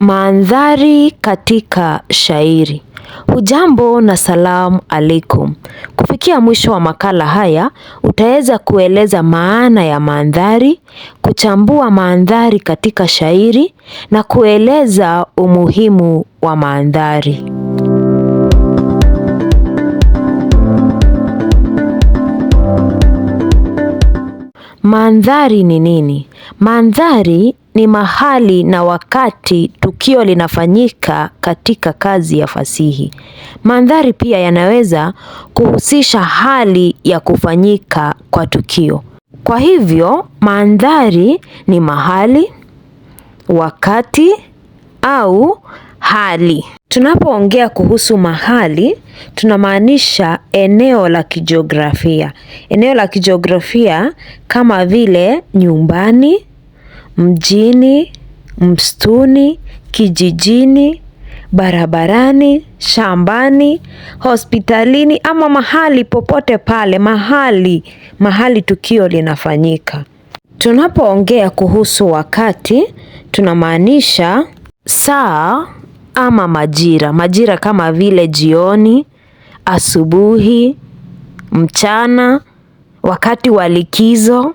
Mandhari katika shairi. Hujambo na salamu alaikum. Kufikia mwisho wa makala haya, utaweza kueleza maana ya mandhari, kuchambua mandhari katika shairi na kueleza umuhimu wa mandhari. Mandhari ni nini? Mandhari ni mahali na wakati tukio linafanyika katika kazi ya fasihi. Mandhari pia yanaweza kuhusisha hali ya kufanyika kwa tukio. Kwa hivyo, mandhari ni mahali, wakati au hali. Tunapoongea kuhusu mahali, tunamaanisha eneo la kijiografia. Eneo la kijiografia kama vile nyumbani, mjini, msituni, kijijini, barabarani, shambani, hospitalini ama mahali popote pale, mahali mahali tukio linafanyika. Tunapoongea kuhusu wakati, tunamaanisha saa ama majira. Majira kama vile jioni, asubuhi, mchana, wakati wa likizo.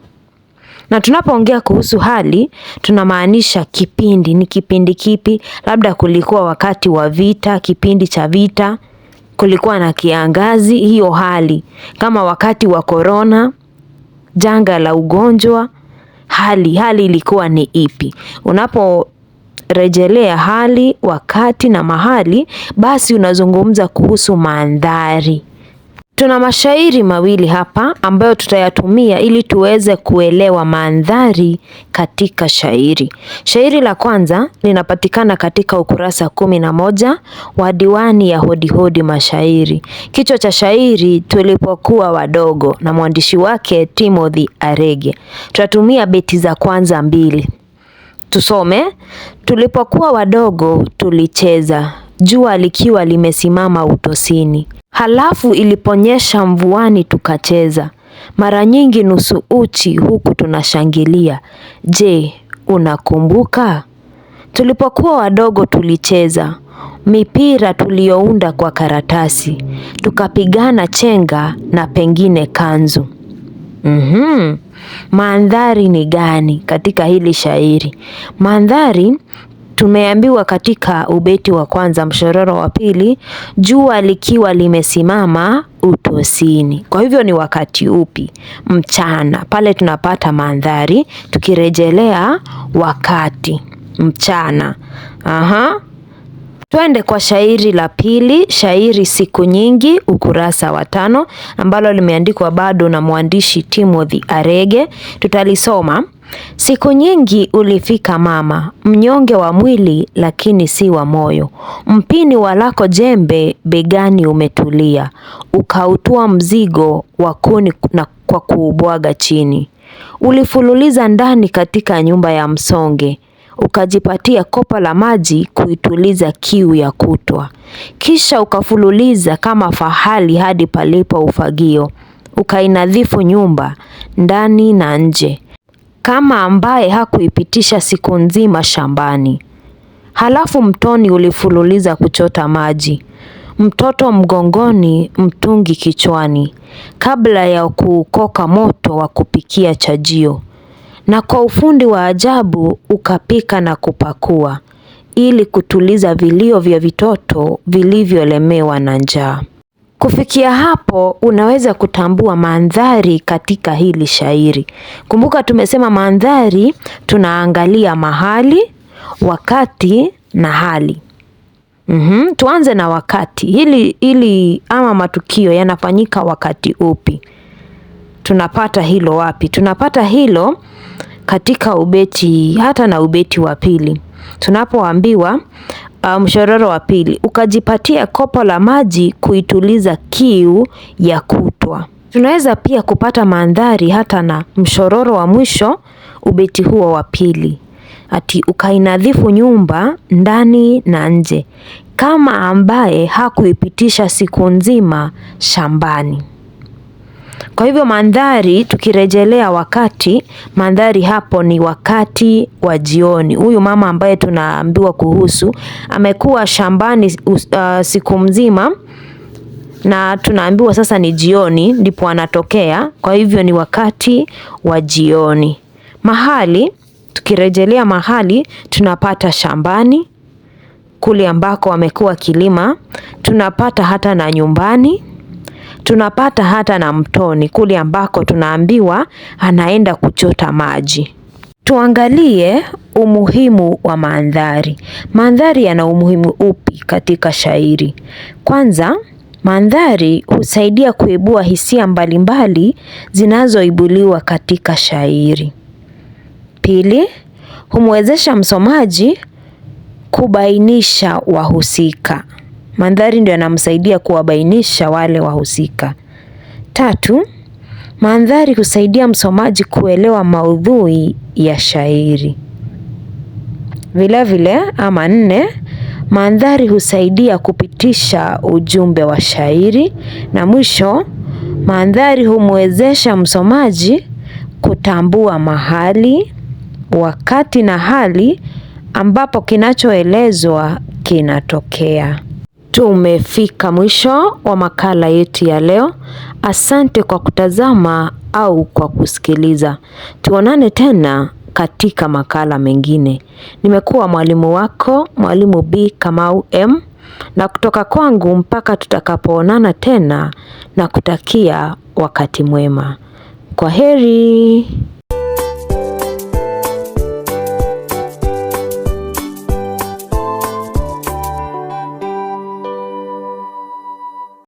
Na tunapoongea kuhusu hali tunamaanisha kipindi. Ni kipindi kipi? Labda kulikuwa wakati wa vita, kipindi cha vita, kulikuwa na kiangazi, hiyo hali. Kama wakati wa korona, janga la ugonjwa, hali hali ilikuwa ni ipi? Unaporejelea hali, wakati na mahali, basi unazungumza kuhusu mandhari. Tuna mashairi mawili hapa ambayo tutayatumia ili tuweze kuelewa mandhari katika shairi. Shairi la kwanza linapatikana katika ukurasa kumi na moja wa diwani ya Hodihodi Mashairi. Kichwa cha shairi tulipokuwa wadogo na mwandishi wake Timothy Arege. Tutatumia beti za kwanza mbili. Tusome. Tulipokuwa wadogo tulicheza, jua likiwa limesimama utosini. Halafu iliponyesha mvuani tukacheza, mara nyingi nusu uchi huku tunashangilia. Je, unakumbuka? Tulipokuwa wadogo tulicheza mipira tuliyounda kwa karatasi, tukapigana chenga na pengine kanzu. Mhm, mandhari ni gani katika hili shairi? Mandhari Tumeambiwa katika ubeti wa kwanza mshororo wa pili, jua likiwa limesimama utosini. Kwa hivyo ni wakati upi? Mchana. Pale tunapata mandhari tukirejelea wakati mchana. Aha. Twende kwa shairi la pili, shairi siku nyingi, ukurasa wa tano, ambalo limeandikwa bado na mwandishi Timothy Arege. Tutalisoma. Siku nyingi ulifika mama, mnyonge wa mwili lakini si wa moyo, mpini walako jembe begani umetulia, ukautua mzigo wa kuni na kwa kuubwaga chini. Ulifululiza ndani katika nyumba ya msonge, ukajipatia kopa la maji kuituliza kiu ya kutwa, kisha ukafululiza kama fahali hadi palipo ufagio, ukainadhifu nyumba ndani na nje, kama ambaye hakuipitisha siku nzima shambani. Halafu mtoni ulifululiza kuchota maji, mtoto mgongoni, mtungi kichwani, kabla ya kuukoka moto wa kupikia chajio na kwa ufundi wa ajabu ukapika na kupakua ili kutuliza vilio vya vitoto vilivyolemewa na njaa. Kufikia hapo unaweza kutambua mandhari katika hili shairi. Kumbuka tumesema mandhari tunaangalia mahali, wakati na hali. Mm -hmm. Tuanze na wakati. Hili hili ama matukio yanafanyika wakati upi? Tunapata hilo wapi? Tunapata hilo katika ubeti hata na ubeti wa pili tunapoambiwa uh, mshororo wa pili ukajipatia kopo la maji kuituliza kiu ya kutwa. Tunaweza pia kupata mandhari hata na mshororo wa mwisho ubeti huo wa pili, ati ukainadhifu nyumba ndani na nje, kama ambaye hakuipitisha siku nzima shambani. Kwa hivyo mandhari, tukirejelea wakati, mandhari hapo ni wakati wa jioni. Huyu mama ambaye tunaambiwa kuhusu amekuwa shambani uh, siku mzima na tunaambiwa sasa ni jioni ndipo anatokea. Kwa hivyo ni wakati wa jioni. Mahali, tukirejelea mahali, tunapata shambani kule ambako amekuwa kilima, tunapata hata na nyumbani tunapata hata na mtoni kule ambako tunaambiwa anaenda kuchota maji. Tuangalie umuhimu wa mandhari. Mandhari yana umuhimu upi katika shairi? Kwanza, mandhari husaidia kuibua hisia mbalimbali zinazoibuliwa katika shairi. Pili, humwezesha msomaji kubainisha wahusika. Mandhari ndio yanamsaidia kuwabainisha wale wahusika. Tatu, mandhari husaidia msomaji kuelewa maudhui ya shairi. Vilevile ama nne, mandhari husaidia kupitisha ujumbe wa shairi. Na mwisho, mandhari humwezesha msomaji kutambua mahali, wakati na hali ambapo kinachoelezwa kinatokea. Tumefika mwisho wa makala yetu ya leo. Asante kwa kutazama au kwa kusikiliza. Tuonane tena katika makala mengine. Nimekuwa mwalimu wako, Mwalimu B Kamau M, na kutoka kwangu mpaka tutakapoonana tena, na kutakia wakati mwema. Kwa heri.